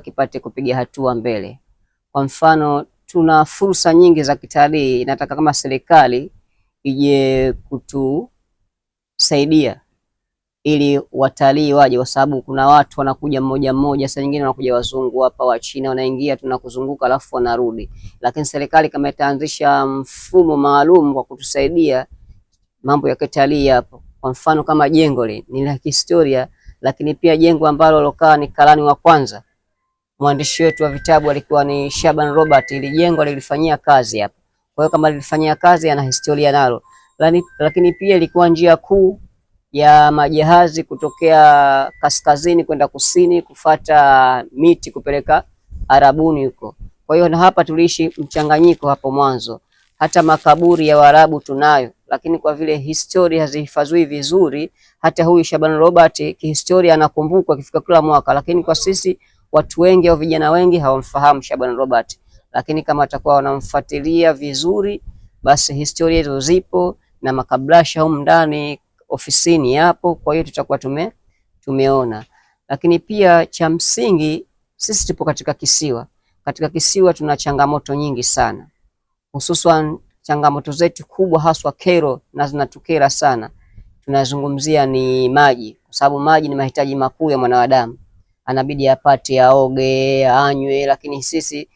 kipate kupiga hatua mbele. Kwa mfano, tuna fursa nyingi za kitalii, inataka kama serikali ije kutusaidia ili watalii waje, kwa sababu kuna watu wanakuja mmoja mmoja, saa nyingine wanakuja wazungu hapa, wa China wanaingia, tunakuzunguka alafu wanarudi. Lakini serikali kama itaanzisha mfumo maalum wa kutusaidia mambo ya kitalii hapo, kwa mfano kama jengo ni la kihistoria, lakini pia jengo ambalo lokaa ni karani wa kwanza mwandishi wetu wa vitabu alikuwa ni Shaban Robert, ili jengo lilifanyia kazi hapa. Kwa hiyo kama lilifanyia kazi, ana historia nalo. Lakini pia ilikuwa njia kuu ya majahazi kutokea kaskazini kwenda kusini kufata miti kupeleka Arabuni huko. Kwa hiyo na hapa tuliishi mchanganyiko hapo mwanzo. Hata makaburi ya Waarabu tunayo, lakini kwa vile historia hazihifadhiwi vizuri, hata huyu Shaban Robert kihistoria anakumbukwa kifika kila mwaka, lakini kwa sisi watu wengi au vijana wengi hawamfahamu Shaban Robert, lakini kama watakuwa wanamfuatilia vizuri, basi historia hizo zipo na makablasha humu ndani ofisini yapo, kwa hiyo tutakuwa tume tumeona. Lakini pia cha msingi, sisi tupo katika kisiwa. Katika kisiwa tuna changamoto nyingi sana, hususan changamoto zetu kubwa haswa kero na zinatukera sana, tunazungumzia ni maji, kwa sababu maji ni mahitaji makuu ya mwanadamu anabidi apate aoge, anywe, lakini sisi